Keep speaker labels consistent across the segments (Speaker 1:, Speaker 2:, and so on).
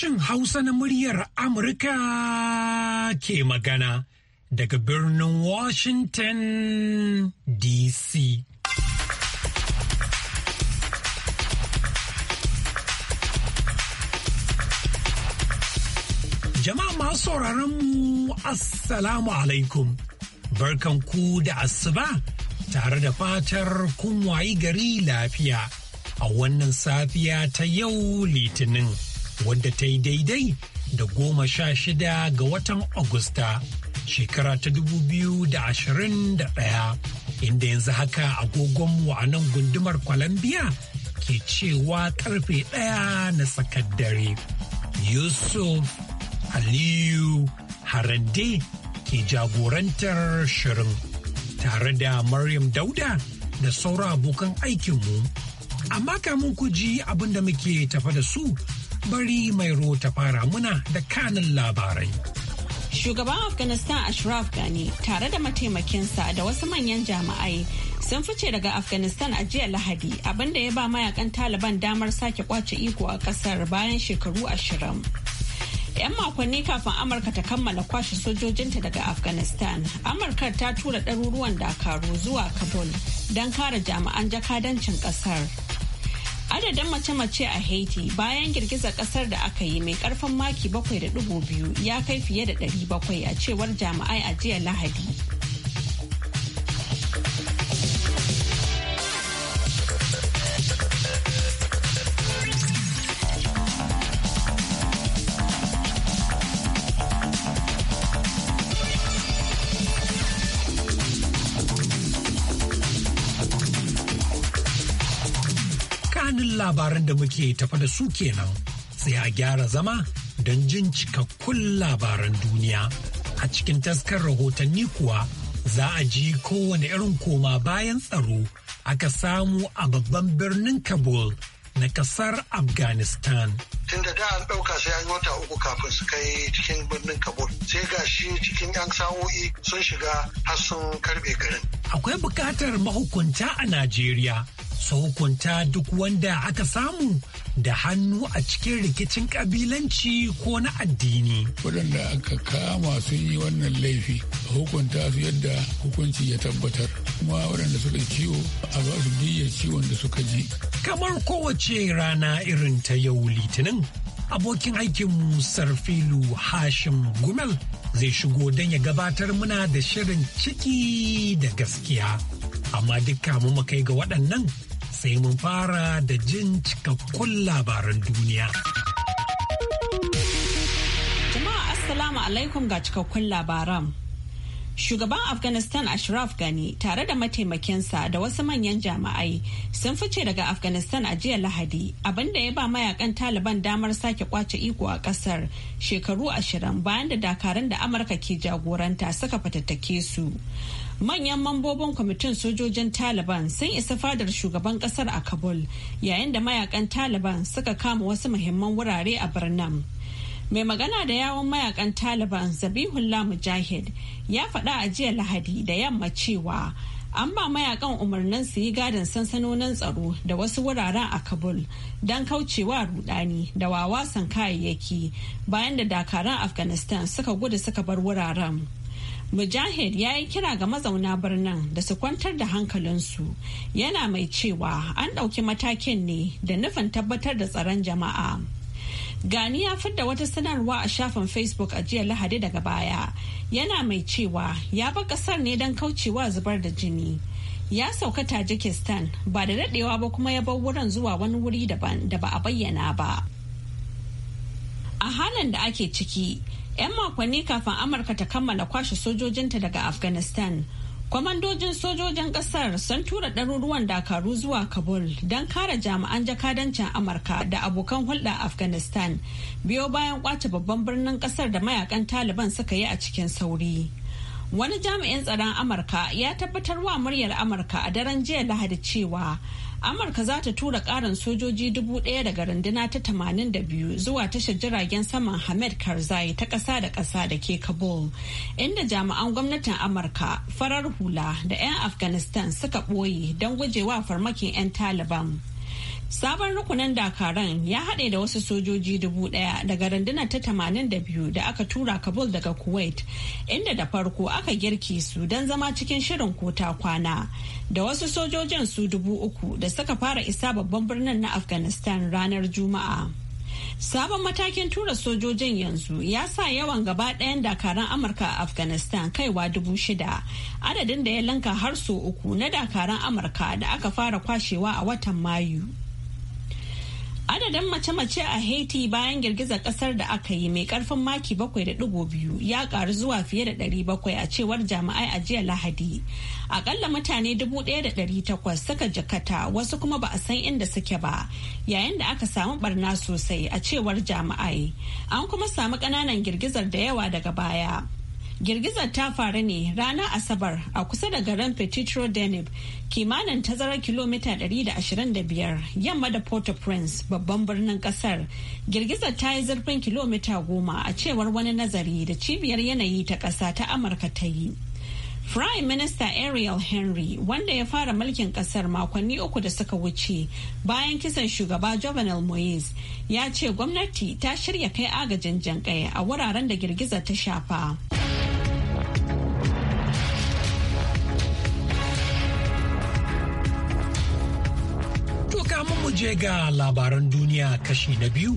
Speaker 1: sashen Hausa na muryar Amurka ke magana daga birnin Washington DC. Jama'a masu mu Assalamu alaikum, ku da asuba tare da fatar kun wayi gari lafiya a wannan safiya ta yau litinin. wadda ta yi daidai da goma sha shida ga watan Agusta shekara ta dubu biyu da ashirin da ɗaya, inda yanzu haka agogon mu a nan gundumar Colombia ke cewa karfe ɗaya na tsakar Yusuf Aliyu Harande ke jagorantar shirin tare da Maryam Dauda da saura abokan aikinmu. Amma kamun ku ji abinda muke tafa da su bari mai ta fara muna da kanin labarai.
Speaker 2: Shugaban Afghanistan Ashraf Ghani tare da mataimakinsa da wasu manyan jama'ai sun fice daga Afghanistan a jiya Lahadi abinda ya ba mayakan Taliban damar sake kwace iko a kasar bayan shekaru ashirin. 'yan makonni kafin amurka ta kammala kwashe sojojinta daga afghanistan amurka ta tura ɗaruruwan dakaru zuwa kabul don kare jami'an jakadancin ƙasar. Adadin mace-mace a Haiti bayan girgizar kasar da aka yi mai karfin maki 7.2 ya kai fiye da 700 a cewar jami'ai a jiya Lahadi.
Speaker 1: labaran da muke tafa da su kenan sai a gyara zama don jin cikakkun labaran duniya. A cikin taskar rahotanni kuwa za a ji kowane irin koma bayan tsaro aka samu a babban birnin Kabul na kasar Afghanistan. Tun da an ɗauka sai an wata uku kafin su kai cikin birnin Kabul sai ga shi cikin 'yan sa'o'i sun shiga har sun karɓe garin. Akwai buƙatar mahukunta a Najeriya su hukunta duk wanda aka samu da hannu a cikin rikicin kabilanci ko na addini.
Speaker 3: Waɗanda aka kama sun yi wannan laifi hukunta su yadda hukunci ya tabbatar kuma waɗanda suka
Speaker 1: ciwo a ba su ciwon da suka ji. Kamar kowace rana irin ta yau litinin abokin aikinmu sarfilu hashim gumel zai shigo don ya gabatar muna da shirin ciki da gaskiya. Amma duk mu kai ga waɗannan sai mun fara da jin cikakkun labaran duniya.
Speaker 2: Jama'a Assalamu alaikum ga cikakkun labaran. Shugaban Afghanistan Ashraf Ghani tare da mataimakinsa da wasu manyan jama'ai sun fice daga Afghanistan a jiya Lahadi abinda ya ba mayakan Taliban damar sake kwace iko a kasar shekaru ashirin bayan da dakarun da Amurka ke jagoranta suka fatattake su. manyan mambobin kwamitin sojojin taliban sun isa fadar shugaban kasar a kabul yayin da mayakan taliban suka kama wasu muhimman wurare a birnin mai magana da yawon mayakan taliban zabihullah mujahid ya faɗa a jiya lahadi da yamma cewa an ba mayakan umarnin su yi gadin sansanonin tsaro da wasu wuraren a kabul don kaucewa rudani da wawasan kayayyaki bayan da dakaran afghanistan suka gudu suka bar wuraren Mujahid ya yi kira ga mazauna birnin da su kwantar da hankalinsu yana mai cewa an ɗauki matakin ne da nufin tabbatar da tsaron jama'a. Gani ya fidda wata sanarwa a shafin Facebook a jiya Lahadi daga baya yana mai cewa ya ba ƙasar ne don kaucewa zubar da jini. Ya sauka Tajikistan ba da daɗewa ba kuma ya bar wurin zuwa wani wuri daban da ba a bayyana ba. A halin da ake ciki, 'Yan makonni kafin Amurka ta kammala kwashe sojojinta daga Afghanistan, kwamandojin sojojin ƙasar sun tura ɗaruruwan dakaru zuwa Kabul don kare jami'an jakadancin Amurka da abokan hulɗa Afghanistan biyo bayan kwace babban birnin ƙasar da mayakan Taliban suka yi a cikin sauri. Wani jami'in tsaron Amurka ya tabbatar wa muryar Amurka a daren jiya Lahadi cewa amurka za ta tura ƙarin sojoji dubu ɗaya daga runduna ta tamanin da biyu zuwa tashar jiragen saman hamed karzai ta ƙasa da ƙasa da ke kabul inda jami'an gwamnatin amurka farar hula da 'yan afghanistan suka ɓoye don gujewa farmakin 'yan taliban Sabon rukunin Dakaran ya haɗe da wasu sojoji dubu ɗaya daga rundunar ta tamanin da biyu da aka tura Kabul daga Kuwait, inda da farko aka girki su don zama cikin shirin kota kwana. Da wasu sojojin su dubu uku da suka fara isa babban birnin na Afghanistan ranar Juma'a. Sabon matakin tura sojojin yanzu ya sa yawan gaba ɗayan dakaran Amurka a Afghanistan kaiwa dubu shida, adadin da ya lanka har so uku na dakaran Amurka da aka fara kwashewa a watan Mayu. Adadin mace-mace a Haiti bayan girgizar kasar da aka yi mai karfin maki 7.2 ya karu zuwa fiye da 700 a cewar jami'ai a jiya Lahadi. Akalla mutane 1,800 suka jakata wasu kuma ba a san inda suke ba yayin da aka samu barna sosai a cewar jami'ai. An kuma samu ƙananan girgizar da yawa daga baya. Girgizar ta faru ne ranar Asabar a kusa da garin Petitro Denib, kimanin tazarar kilomita 125 yamma da Port-au-Prince babban birnin kasar. Girgizar ta yi zurfin kilomita goma a cewar wani nazari da cibiyar yanayi ta ƙasa ta Amurka ta yi. Prime Minister Ariel Henry wanda ya fara mulkin kasar makonni uku da suka wuce bayan kisan shugaba Jovenel moyes ya ce gwamnati ta shirya kai agajin jankai a wuraren da girgizar ta shafa.
Speaker 1: je ga labaran duniya kashi na biyu,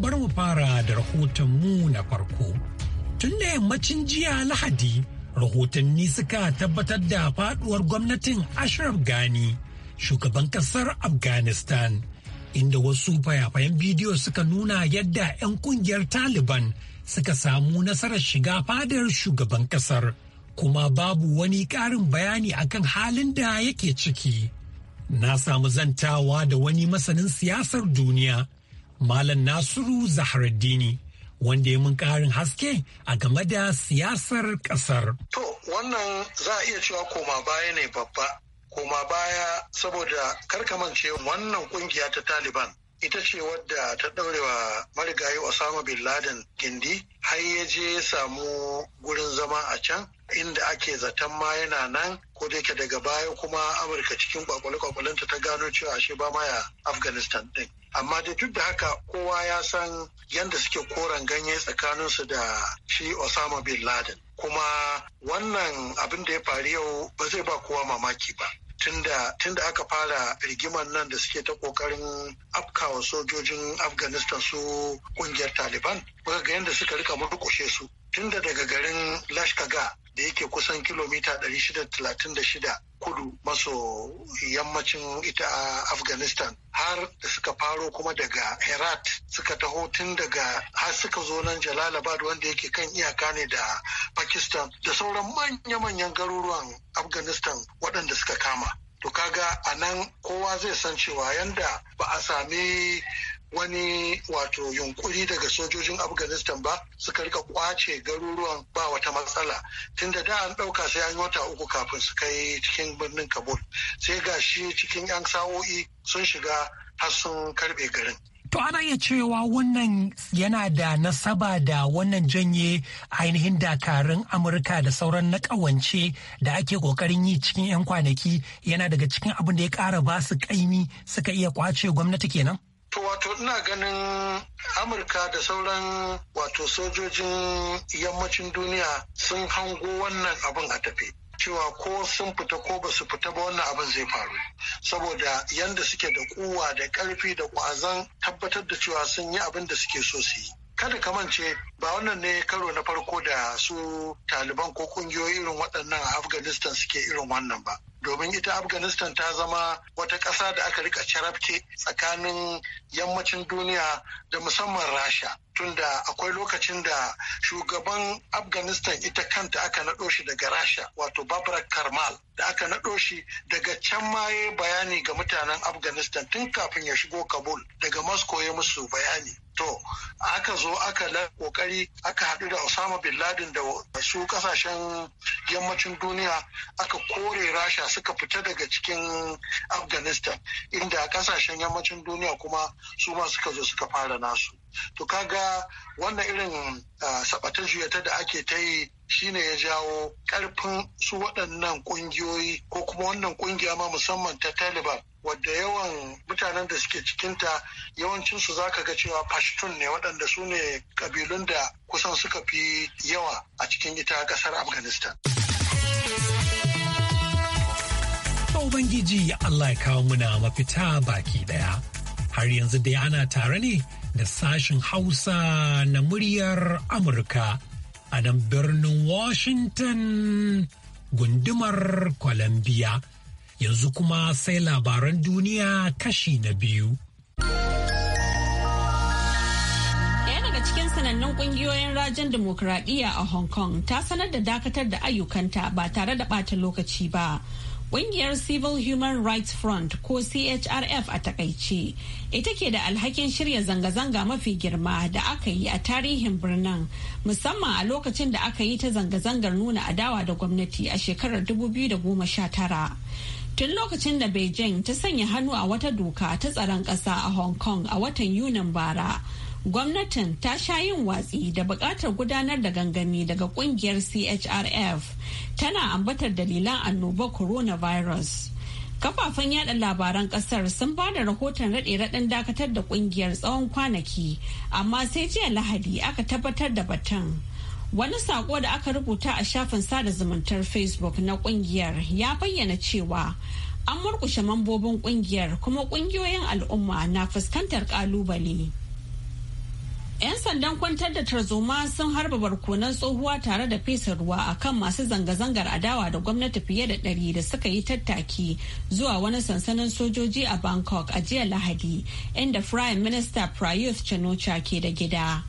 Speaker 1: bar mu fara da rahoton mu na farko. Tun da yammacin jiya Lahadi, rahotanni suka tabbatar da faduwar gwamnatin Ashraf Gani shugaban kasar Afghanistan, inda wasu fayafayen bidiyo suka nuna yadda 'yan kungiyar Taliban suka samu nasarar shiga fadar shugaban kasar, kuma babu wani ƙarin bayani akan halin da yake ciki. na samu zantawa da wani masanin siyasar duniya malam nasiru zahraddini wanda ya mun karin haske a game da siyasar kasar
Speaker 4: to wannan za a iya cewa koma baya ne babba koma baya saboda karkamance wannan kungiya ta taliban ita ce wadda ta ɗaurewa marigayi Osama bin Laden gindi har ya je ya samu gurin zama a can inda ake zaton ma yana nan ko da yake daga baya kuma Amurka cikin kwakwale-kwakwalenta ta gano cewa ashe ba maya Afghanistan ɗin. Amma da duk da haka kowa ya san yadda suke koren ganye tsakaninsu da shi Osama bin Laden. Kuma wannan abin da ya faru yau ba zai ba kowa mamaki ba. Tun da aka fara rigimar nan da suke ta kokarin afkawa sojojin afghanistan su kungiyar taliban muka ga yadda suka rika murkushe su tunda daga garin lashkaga da yake kusan kilomita 636 kudu maso yammacin ita a afghanistan har da suka faro kuma daga herat suka taho tun daga har suka zo nan jalalabad wanda yake kan iyaka ne da pakistan da sauran manya-manyan garuruwan afghanistan waɗanda suka kama to kaga a nan kowa zai san cewa yanda ba a sami wani wato yunkuri daga sojojin afghanistan ba suka rika kwace garuruwan ba wata matsala tunda da an ɗauka sai an yi wata uku kafin su kai cikin birnin kabul sai ga shi cikin 'yan sa'o'i sun shiga har sun karbe garin
Speaker 1: To ana iya cewa wannan yana da nasaba da wannan janye ainihin dakarun Amurka da sauran na ƙawance da ake ƙoƙarin yi cikin 'yan kwanaki yana daga cikin abin da ya ƙara ba su ƙaimi suka iya kwace gwamnati kenan?
Speaker 4: To wato ina ganin Amurka da sauran wato sojojin yammacin duniya sun hango wannan abin a tafe. cewa ko sun fita ko ba su fita ba wannan abin zai faru saboda yanda suke da kuwa da karfi da kwazon tabbatar da cewa sun yi abin da suke so su yi kada ka mance ba wannan ne karo na farko da su taliban ko kungiyoyi irin waɗannan a afghanistan suke irin wannan ba domin ita afghanistan ta zama wata ƙasa da aka rika carabke tsakanin yammacin duniya da musamman rasha tunda akwai lokacin da shugaban afghanistan ita kanta aka naɗo shi daga rasha wato babra karmal da aka naɗo shi daga can maye bayani ga mutanen afghanistan tun kafin ya shigo kabul daga moscow ya musu bayani To, aka zo aka la kokari aka haɗu da Osama bin Laden da su ƙasashen yammacin duniya aka kore Rasha suka fita daga cikin afghanistan inda kasashen yammacin duniya kuma su ma suka zo suka fara nasu to kaga wannan irin sabata juyata da ake ta yi shine ya jawo karfin su waɗannan ƙungiyoyi ko kuma wannan ƙungiya ma musamman ta taliban wadda yawan mutanen da suke cikinta yawancinsu za ka ga cewa Fashtun ne waɗanda su ne ƙabilun da kusan suka fi yawa a cikin ita ƙasar afghanistan.
Speaker 1: Ubangiji ya Allah ya kawo muna mafita baki daya. Har yanzu dai ana tare ne da sashen Hausa na muryar Amurka a nan birnin Washington gundumar Columbia. Yanzu kuma sai labaran duniya kashi na biyu.
Speaker 2: sanannun kungiyoyin rajin demokuraɗiyya a hong kong ta sanar da dakatar da ayyukanta ba tare da ɓata lokaci ba Ƙungiyar Civil Human Rights Front ko CHRF a takaice, ita ke da alhakin shirya zanga-zanga mafi girma da aka yi a tarihin birnin, musamman a lokacin da aka yi ta zanga-zangar nuna adawa da gwamnati a shekarar 2019. Tun lokacin da Beijing ta sanya hannu a wata doka ta tsaron ƙasa a Hong Kong a watan Yunin bara. gwamnatin ta sha yin watsi da buƙatar gudanar da gangami daga ƙungiyar chrf tana ambatar dalilan annobar coronavirus kafafen yada labaran kasar sun ba da rahoton raɗe-raɗen dakatar da ƙungiyar tsawon kwanaki amma sai jiya lahadi aka tabbatar da batun wani saƙo da aka rubuta a shafin sada zumuntar facebook na ƙungiyar ya bayyana cewa an murkushe mambobin ƙungiyar kuma ƙungiyoyin al'umma na fuskantar ƙalubale. 'Yan sandan kwantar da tarzoma sun harba barkonan tsohuwa tare da fesa ruwa a kan masu zanga-zangar adawa da gwamnati fiye da ɗari da suka yi tattaki zuwa wani sansanin sojoji a Bangkok a jiya Lahadi, inda Prime Minister Prayuth Chanocha ke da gida.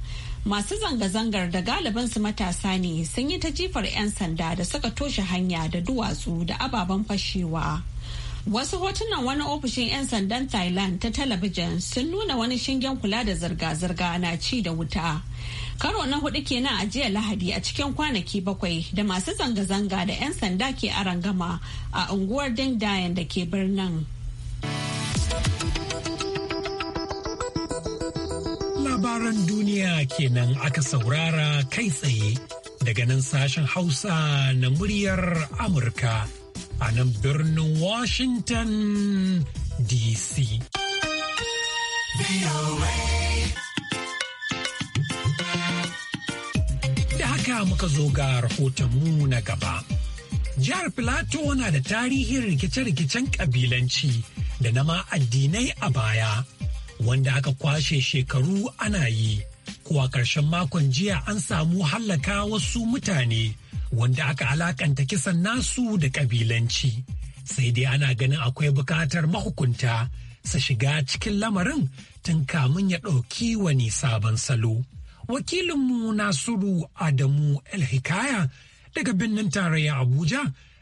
Speaker 2: Masu zanga-zangar da galibin su matasa ne sun yi ta jifar 'yan sanda da suka toshe hanya da duwatsu da ababen fashewa. Wasu hotunan wani ofishin 'yan sandan Thailand ta talabijin sun nuna wani shingen kula da zirga-zirga na ci da wuta. Karo na hudu kenan a jiya Lahadi a cikin kwanaki bakwai da masu zanga-zanga da 'yan sanda ke arangama a unguwar Dindayan da ke birnin.
Speaker 1: Labaran duniya kenan aka saurara kai tsaye daga nan sashen Hausa na muryar Amurka. a nan birnin Washington DC. Da haka muka zo ga rahotonmu na gaba. Jihar Filato na da tarihin rikice-rikicen kabilanci da na ma addinai a baya, wanda aka kwashe shekaru ana yi. Kuwa ƙarshen makon jiya an samu hallaka wasu mutane wanda aka alakanta kisan nasu da kabilanci sai dai ana ganin akwai bukatar mahukunta su shiga cikin lamarin tun kamun ya ɗauki wani sabon salo wakilinmu nasiru adamu alhikaya daga birnin tarayya abuja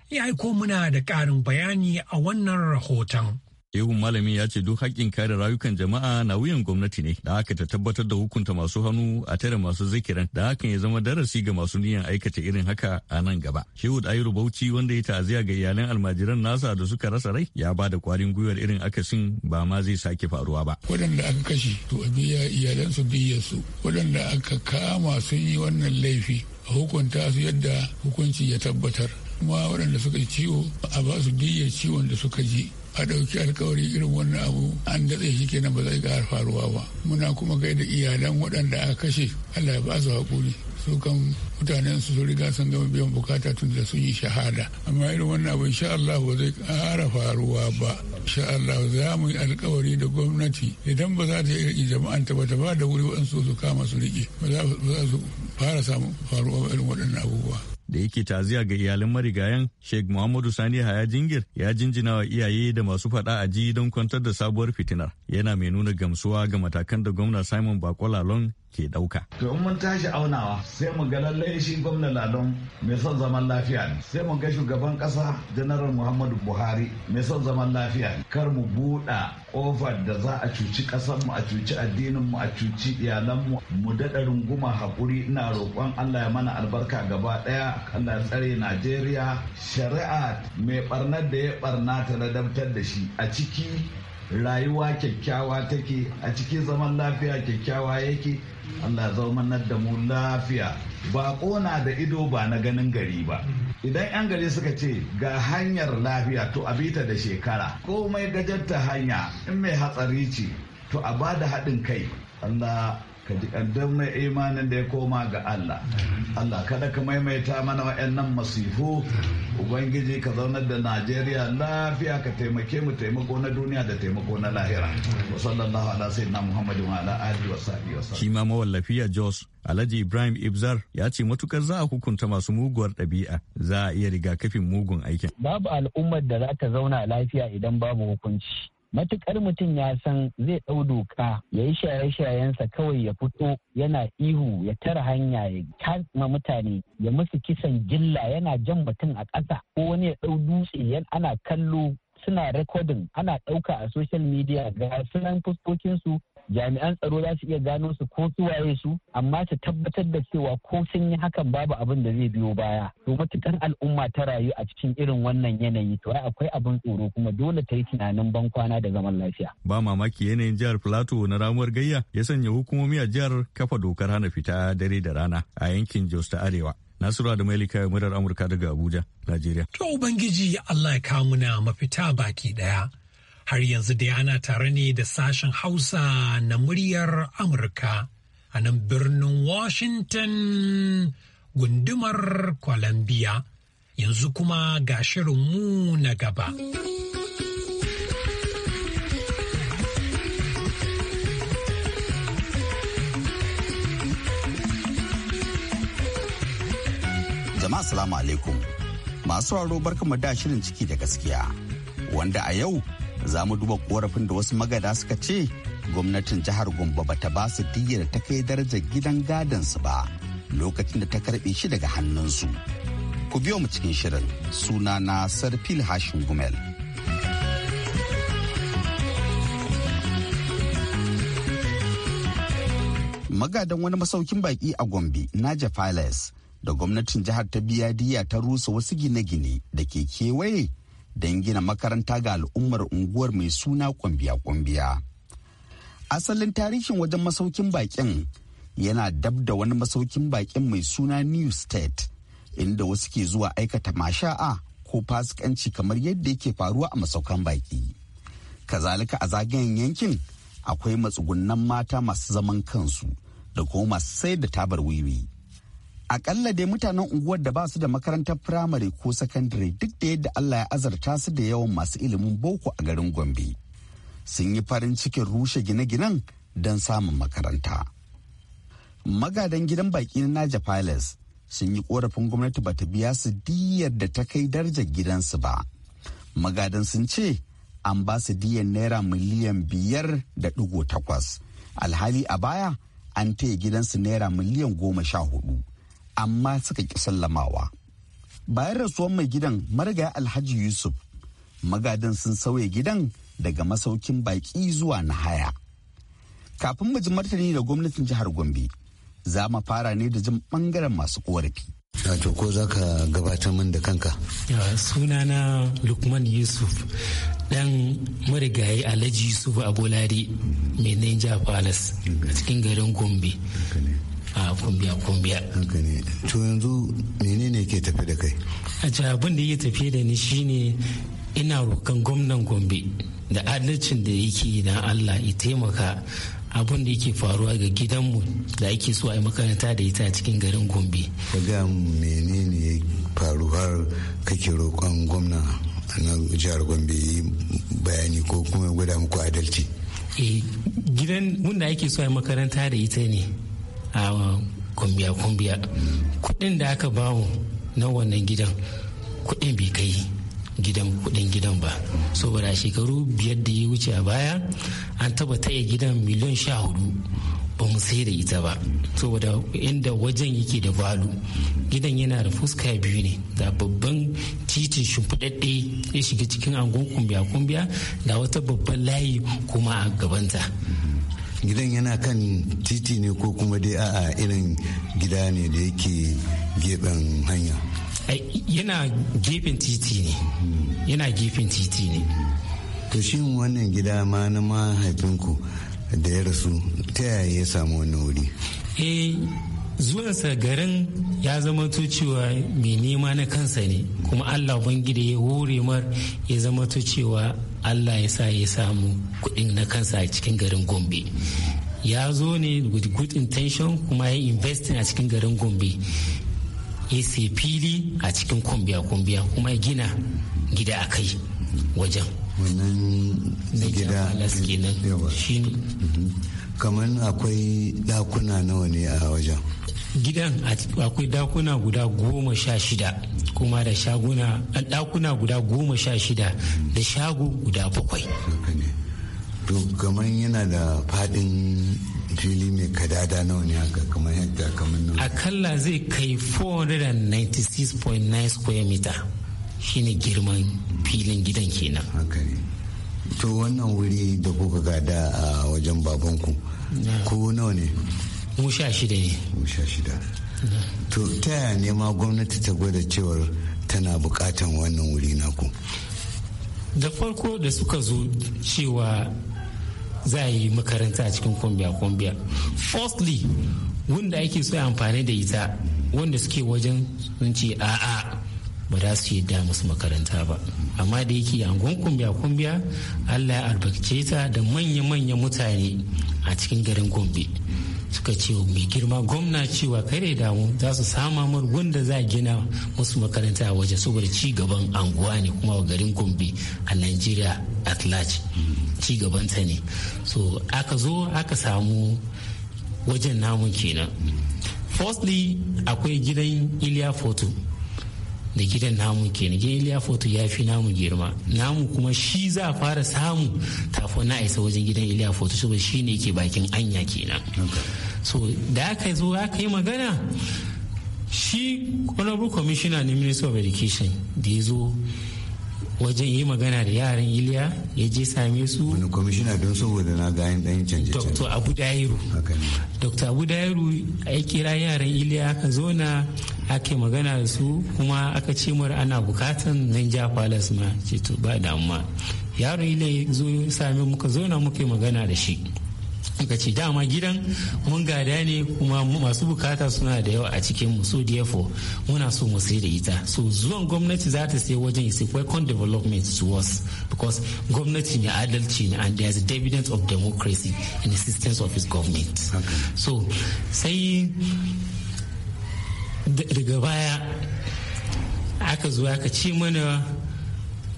Speaker 1: ya aiko muna da ƙarin bayani a wannan rahoton
Speaker 5: Ihun malami ya ce duk haƙƙin kare rayukan jama'a na wuyan gwamnati ne da haka ta tabbatar da hukunta masu hannu a tare masu zikiran da hakan ya zama darasi ga masu niyan aikata irin haka a nan gaba. Shehu Ayiru Bauchi wanda ya ta'aziya ga iyalan almajiran nasa da suka rasa rai ya ba da kwarin gwiwar irin akasin ba ma zai sake faruwa ba. Waɗanda
Speaker 3: aka kashe to a biya iyalansu su waɗanda aka kama sun yi wannan laifi a hukunta su yadda hukunci ya tabbatar kuma waɗanda suka ciwo a ba su diyyar ciwon da suka ji a ɗauki alkawari irin wannan abu an datse shi kenan ba zai ƙara faruwa ba muna kuma da iyalan waɗanda aka kashe allah ya ba su haƙuri su kan mutanen su sun riga sun gama biyan bukata tun da sun yi shahada amma irin wannan abu insha Allah ba zai ƙara faruwa ba insha Allah za mu yi alkawari da gwamnati idan ba za ta yi jama'an ta ba ta ba da wuri waɗansu su kama su riƙe ba za su fara samun faruwa irin waɗannan abubuwa
Speaker 5: da yake taziya ga iyalin marigayan Sheikh Muhammadu Sani Haya Jingir ya jinjina wa iyaye da masu faɗa a ji don kwantar da sabuwar fitinar. Yana mai nuna gamsuwa ga matakan da gwamna Simon Bakola Long ke ɗauka.
Speaker 6: To in mun tashi aunawa sai mu ga lallai shi gwamna Lalon mai son zaman lafiya ne. Sai mu ga shugaban ƙasa Janaral Muhammadu Buhari mai son zaman lafiya ne. Kar mu buɗa ƙofar da za a cuci ƙasarmu a cuci addininmu a cuci iyalanmu mu daɗa runguma haƙuri ina roƙon Allah ya mana albarka gaba ɗaya Allah ya tsare Najeriya shari'a mai ɓarnar da ya ɓarna ta ladabtar da shi a ciki rayuwa kyakkyawa take a cikin zaman lafiya kyakkyawa yake Allah zaumanar da mu lafiya ba kona da ido ba na ganin gari ba idan 'yan gari suka ce ga hanyar lafiya to a bita da shekara komai gajarta hanya in mai hatsari ce to a ba da haɗin kai Allah ka ji imanin da ya koma ga Allah Allah kada ka maimaita mana wa'annan masifu ubangiji ka zaunar da Najeriya lafiya ka taimake mu taimako na duniya da taimako na lahira wa sallallahu ala sayyidina Muhammadin wa ala adi wa sahbihi wa sallam shi
Speaker 5: ma mawallafi Jos Alhaji Ibrahim Ibzar ya ce matukar za a hukunta masu muguwar ɗabi'a za a iya rigakafin mugun aikin.
Speaker 6: Babu al'ummar da za ta zauna lafiya idan
Speaker 7: babu hukunci. matukar mutum ya san zai ɗau doka ya yi shaye-shayensa kawai ya fito yana ihu ya tara hanya ya kama mutane ya musu kisan gilla yana jan mutum a ƙasa ko wani ya ɗau dutse yan ana kallo suna rekodin ana ɗauka a social media ga sunan fuskokinsu jami'an tsaro za su iya gano su ko su waye su amma su tabbatar da cewa ko sun yi hakan babu abin da zai biyo baya to matukan al'umma ta rayu a cikin irin wannan yanayi to akwai abin tsoro kuma dole ta yi tunanin ban kwana da zaman lafiya
Speaker 5: ba mamaki yanayin jihar plateau na ramuwar gayya ya sanya hukumomi a jihar kafa dokar hana fita dare da rana a yankin jos ta arewa nasiru da Mailika murar Amurka daga Abuja, Najeriya.
Speaker 1: To Ubangiji Allah ya kawo muna mafita baki daya. har yanzu dai ana tare ne da sashen Hausa na muryar Amurka a nan birnin Washington gundumar Columbia. Yanzu kuma ga mu na gaba.
Speaker 8: Jama'a salamu alaikum. Masu raro barkanmu da shirin ciki da gaskiya. Wanda a yau za mu duba korafin da wasu magada suka ce gwamnatin jihar gombe bata ba su diyyar ta kai darajar gidan gadansu ba lokacin da ta karbe shi daga hannunsu ku biyo mu cikin shirin suna na sarfil hashin gumel magadan wani masaukin baki a gombe naja files da gwamnatin jihar ta biya diya ta rusa wasu gine-gine da ke kewaye don gina makaranta ga al'ummar unguwar mai suna kwambiya-kwambiya. Asalin tarihin wajen masaukin bakin yana dab da wani masaukin bakin mai suna New State, inda wasu ke zuwa aikata masha'a ko fasikanci kamar yadda yake faruwa a masaukan baki. Kazalika a zagayen yankin akwai matsugunan mata masu zaman kansu da kuma masu sai da tabar wiwi. akalla dai mutanen unguwar da ba su da makarantar firamare ko sakandare duk da yadda Allah ya azarta su da yawan masu ilimin boko a garin Gombe. Sun yi farin cikin rushe gine-ginen don samun makaranta. Magadan gidan baki na Naja Palace sun yi korafin gwamnati bata biya su diyar da ta kai darajar gidansu ba. Magadan sun ce an ba su diyar naira miliyan biyar da ɗigo takwas. Alhali a baya an taya gidansu naira miliyan goma sha hudu. amma suka ƙi sallamawa bayan rasuwan mai gidan marigayi alhaji yusuf magadan sun sauya gidan daga masaukin baƙi zuwa na haya kafin mu ji martani da gwamnatin jihar gombe za mu fara ne da jin ɓangaren masu korafi wato ko za
Speaker 9: ka gabatar min da kanka
Speaker 7: sunana lukman yusuf ɗan marigayi alhaji yusuf abolari mai ninja palace a cikin garin gombe a kumbiya kumbiya haka ne to yanzu menene
Speaker 9: ke tafi da kai
Speaker 7: a abin da ya tafi da ni shine ina rokan gwamnan gombe da adalcin da yake da allah ya taimaka abin da yake faruwa ga gidanmu da ake so a yi makaranta da ita a cikin garin gombe Ka ga menene
Speaker 9: ya faru har kake roƙon gwamna na jihar gombe yi bayani ko kuma gwada muku adalci
Speaker 7: eh, gidan wanda ake so a yi makaranta da ita ne a kumbiya-kumbiya kudin da aka bawo na wannan gidan kudin bai kai gidan kudin gidan ba saboda shekaru biyar da ya wuce a baya an taba taya gidan miliyan sha hudu ba mu sai da ita ba saboda inda wajen yake da balu gidan yana da fuska biyu ne da babban titin shimfiɗaɗɗe ya shiga cikin angon kumbiya-kumbiya da wata babban layi kuma a gabanta gidan yana kan
Speaker 9: titi ne ko kuma dai a'a irin gida ne da yake gefen hanya
Speaker 7: yana gefen titi ne yana gefen titi ne
Speaker 9: to shi wannan gida ma na mahaifinku da ya rasu ta yaya ya samu
Speaker 7: wani wuri eh zuwansa garin ya zama to cewa mai nema na kansa ne kuma allah bangida ya hore mar ya zama to cewa allah ya sa ya samu kuɗin na kansa a cikin garin gombe ya zo ne with good intention kuma ya investing a cikin garin gombe ya sai fili a cikin kumbiya-kumbiya kuma ya gina gida a kai wajen wannan gida mhm. kamar akwai
Speaker 9: dakuna nawa ne a wajen
Speaker 7: gidan akwai dakuna guda goma sha shida kuma da shaguna dakuna guda goma sha shida da shago guda bakwai
Speaker 9: to kamar yana da fadin fili mai kadada nawa ne haka kamar yadda kamar
Speaker 7: nawa akalla zai kai 496.9 square meter shine girman filin gidan kenan
Speaker 9: to wannan wuri da kuka gada a wajen babanku ko nawa ne
Speaker 7: mu sha shida ne mu
Speaker 9: shida to ta yaya ne ma gwamnati ta gwada cewar tana bukatan wannan wuri naku
Speaker 7: da farko da suka zo cewa za a yi makaranta a cikin kwambiya-kwambiya firstly wanda ake so amfani da ita wanda suke wajen sun ce a'a ba za su yi musu makaranta ba amma da yake angon kumbiya-kumbiya allah ya albarkace ta da manya-manyan mutane a cikin garin gombe suka ce mai girma gwamna cewa kare damu za su sama mur wanda za gina musu makaranta a waje saboda ci gaban anguwa ne kuma garin gombe a nigeria at large ci ta ne so aka zo aka samu wajen namun kenan firstly akwai gidan iliya foto. da gidan namu kenan gidan iliya foto ya fi namu girma namu kuma shi za a fara samu kafin na isa wajen gidan iliya foto saboda shi ne ke bakin anya kenan so da aka zo aka yi magana shi honorable commissioner ne minister of education da ya zo wajen yi magana da yaran iliya ya je same su wani kwamishina don saboda na ga ɗan canje canje. dr abu dairu dr abu dairu ya kira yaran iliya aka zauna ake magana da su kuma aka ce mara ana bukatan nan ja palace ma ce to ba damuwa yaron iliya zo same muka zona muka yi magana da shi suka ce dama gidan mun gada ne kuma masu bukata suna da yawa a cikin mu so therefore muna so mu sai da ita so zuwan gwamnati za ta sai wajen isi a welcome development to us because gwamnati ne adalci ne and there is a dividend of democracy in the systems of its government so sai daga baya aka zuwa aka ce mana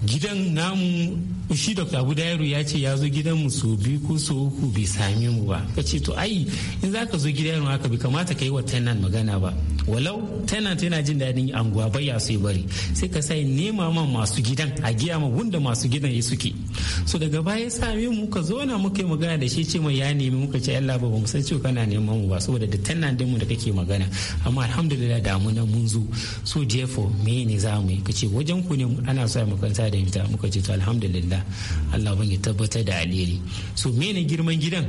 Speaker 7: gidan namu shi dr abu dairu ya ce ya zo gidan mu so biyu ko so uku bai sami mu ba ka ce to ai in za ka zo gidan haka bai kamata ka yi wa nan magana ba walau tana tana jin daɗin anguwa bai ya sai bari sai ka sai nema ma masu gidan a giya ma wanda masu gidan ya suke so daga baya same mu ka zo na muka yi magana da shi ce mai ya nemi muka ce Allah ba mu san cewa kana neman mu ba saboda da tana din mu da kake magana amma alhamdulillah da mu na mun zo so jefo me ne za mu yi ka ce wajen ku ne ana so ya kanta da Mita muka ce to alhamdulillah Allah ban ya tabbatar da alheri so me ne girman gidan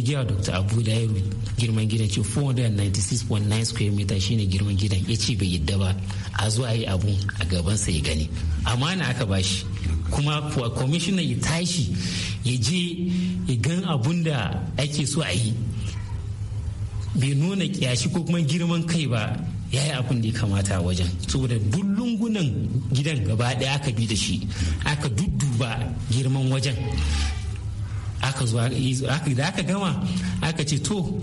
Speaker 7: na wa dr abu dairu girman gidan ce 496.9 square meter shine girman gidan ya ce bai yadda ba a zuwa yi abu a gabansa ya gani amana aka bashi kuma commissioner ya tashi ya je ya gan abun da ake so a yi bai nuna kyashi ko kuma girman kai ba ya yi abin da ya kamata wajen saboda duk lungunan gidan gaba daya aka bi da shi aka dudduba girman wajen aka zo da aka gama aka ce to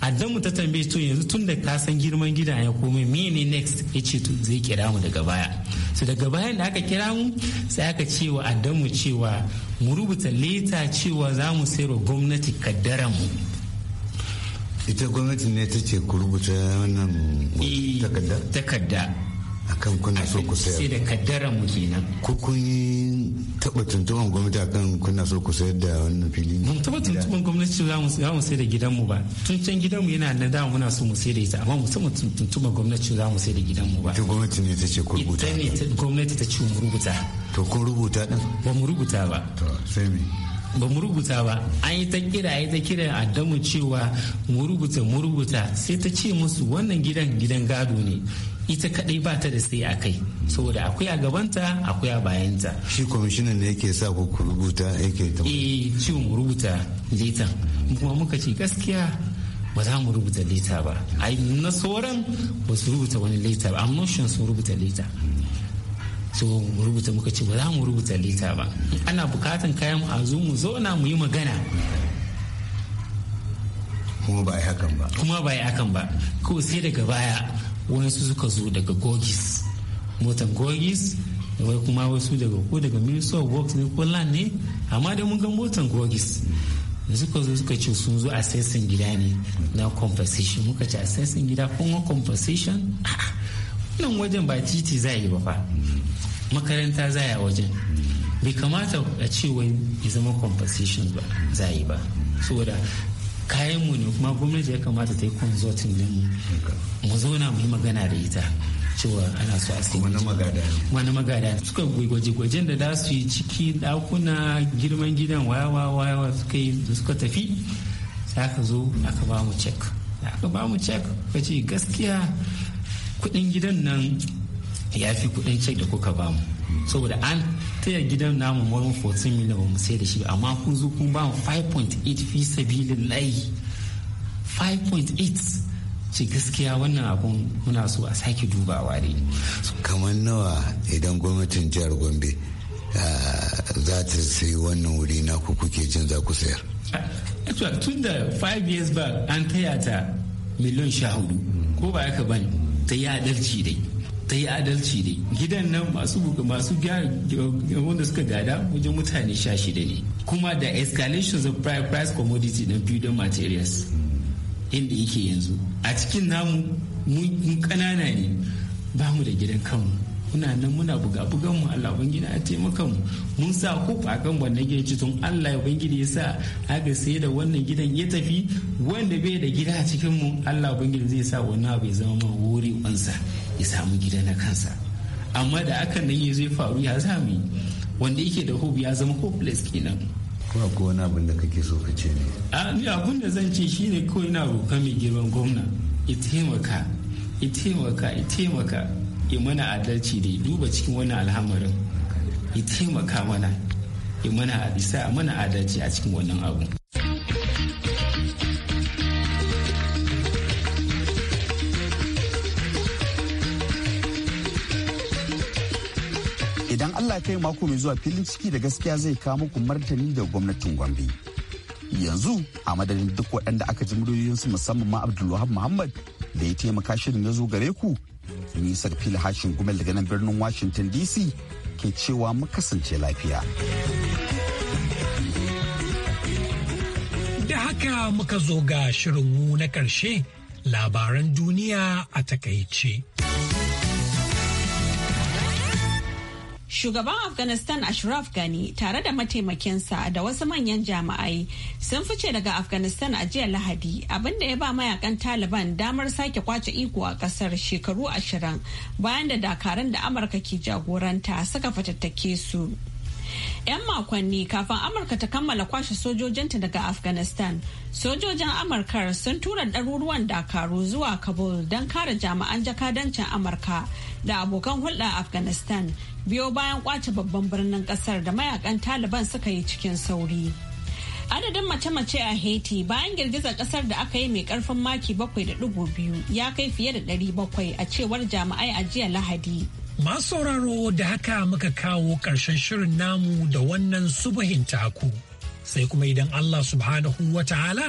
Speaker 7: dan mu ta tambaye to yanzu tun da ka san girman gidan ya komai mene next ya ce to zai kira mu daga baya su daga bayan da aka kira mu sai aka ce wa mu cewa mu rubuta leta cewa za mu sayarwa gwamnati kaddara mu
Speaker 9: ita gwamnati ne ta ce ku rubuta wannan eh, takadda
Speaker 7: akan kuna so ku sayar sai da kaddara
Speaker 9: mu kenan ko kun taba tuntuban gwamnati akan kuna so ku sayar da wannan fili mun taba
Speaker 7: tuntuban gwamnati za mu za mu sayar da gidanmu ba tun can gidanmu yana nan da muna so mu sayar da ita amma mu taba tuntuban gwamnati za mu sayar da gidanmu ba ita gwamnati ne ta ce ku rubuta ita ne gwamnati ta ce mu rubuta to kun rubuta din ba mu rubuta ba to sai me ba mu rubuta ba an yi ta kira yi ta kira addamu cewa mu rubuta mu rubuta sai ta ce musu wannan gidan gidan gado ne ita kadai ba ta da sai a kai saboda akwai a gabanta akwai a bayanta shi kwamishinan ne yake sa ku rubuta yake ta ee eh, shi mu rubuta litan kuma muka ce gaskiya ba za mu rubuta leta ba a na sauran ba su rubuta wani leta ba amma shi sun rubuta leta so mu rubuta muka ce ba za mu rubuta leta ba ana bukatan kayan a zo mu zauna mu yi magana kuma ba a yi hakan ba kuma ba a yi hakan ba ko sai daga baya wasu suka zo daga gogis motar gogis wai kuma wasu daga ko daga minister of works ne ko land ne amma da mun ga motar gogis suka zo suka ce sun zo assessing gida ne na compensation muka ce assessing gida kuma compensation nan wajen ba titi za yi ba fa makaranta za a wajen bai kamata a ce wai ya zama compensation ba za yi ba saboda kayan mu ne kuma gwamnati ya kamata ta yi consulting din mu zauna mu yi magana da ita cewa ana so a sai wani magada wani magada suka gwaje gwajen da za su yi ciki dakuna girman gidan wayawa wayawa suka yi suka tafi sai aka zo aka ba mu cek aka ba mu cek ka ce gaskiya kudin gidan nan ya fi kudin cek da kuka ba mu hmm. saboda an taya gidan namu wurin 14 million ba mu sai da shi ba amma kun zo kun ba 5.8 fi sabilin layi 5.8 ce gaskiya wannan abun muna so a sake dubawa ne.
Speaker 9: kamar nawa idan gwamnatin jihar gombe ah, za ta sai wannan wuri na ku kuke jin za ku sayar
Speaker 7: tun da 5 years back an taya ta miliyan sha hudu ko ba yaka ban ta yi adalci dai ta yi adalci ne gidan nan masu masu wanda suka gada wajen mutane sha shida ne kuma da escalation of price commodity na building materials inda yake yanzu a cikin namu mun kanana ne ba mu da gidan kanmu muna nan muna buga bugan mu Allah ubangiji a taimaka mu mun sa a kan wannan gidan tun Allah ya ubangiji ya sa aka sai da wannan gidan ya tafi wanda bai da gida a cikin mu Allah ubangiji zai sa wannan abu ya zama wuri wansa ya samu gida na kansa amma da aka nan ya zai faru ya zami wanda yake da hope ya zama hopeless kenan
Speaker 9: kuma ko wani abin da kake so ka ce ne
Speaker 7: a ni abin da zan ce shine ko na roƙa mai girman gwamna ya taimaka ya taimaka ya taimaka ya mana adalci da ya duba cikin wannan alhamarin ya taimaka mana ya mana a bisa mana adalci a cikin wannan abu
Speaker 8: idan allah yi mako mai zuwa filin ciki da gaskiya zai kawo muku martani da gwamnatin gombe yanzu a madadin duk waɗanda aka ji muryoyinsu musamman ma abdulwahab muhammad da ya taimaka shirin ya zo gare ku nisar fili hashin gumel daga nan birnin washington dc ke cewa mu kasance lafiya
Speaker 1: da haka muka zo ga shirinmu na ƙarshe labaran duniya a takaice.
Speaker 2: Shugaban Afghanistan Ashraf Ghani tare da mataimakinsa da wasu manyan jami'ai sun fice daga Afghanistan a jiya Lahadi abinda ya ba mayakan Taliban damar sake kwace iko a kasar shekaru ashirin bayan da dakarun da Amurka ke jagoranta suka fatattake su. 'Yan makonni kafin Amurka ta kammala kwashe sojojinta daga Afghanistan, sojojin Amurkar sun tura ɗaruruwan dakaru zuwa Kabul don kare jami'an jakadancin Amurka da abokan hulɗa Afghanistan biyo bayan kwace babban birnin kasar da mayakan taliban suka yi cikin sauri adadin mace-mace a haiti bayan girgizar kasar da aka yi mai karfin maki 7.2 ya kai fiye da 700 a cewar jami'ai a jiya lahadi
Speaker 1: masu sauraro da haka muka kawo karshen shirin namu da wannan subuhin taku sai kuma idan allah subhanahu wa ta'ala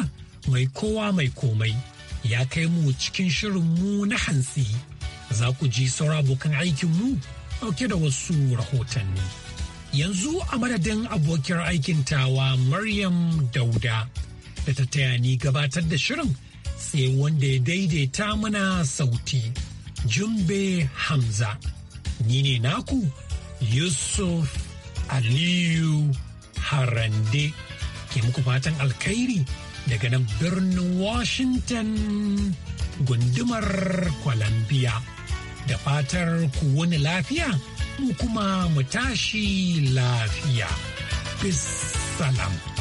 Speaker 1: mai kowa mai komai ya kai mu cikin shirin mu na hantsi za ku ji saura abokan aikin mu dauke da wasu rahotanni. Yanzu a madadin abokiyar aikin tawa Maryam Dauda da ta taya ni gabatar da shirin sai wanda ya daidaita mana sauti Jumbe Hamza. Ni ne naku Yusuf Aliyu Harande ke muku fatan alkhairi daga nan birnin Washington gundumar Columbia. da fatar ku wani lafiya mu kuma mu tashi lafiya. Peace salam.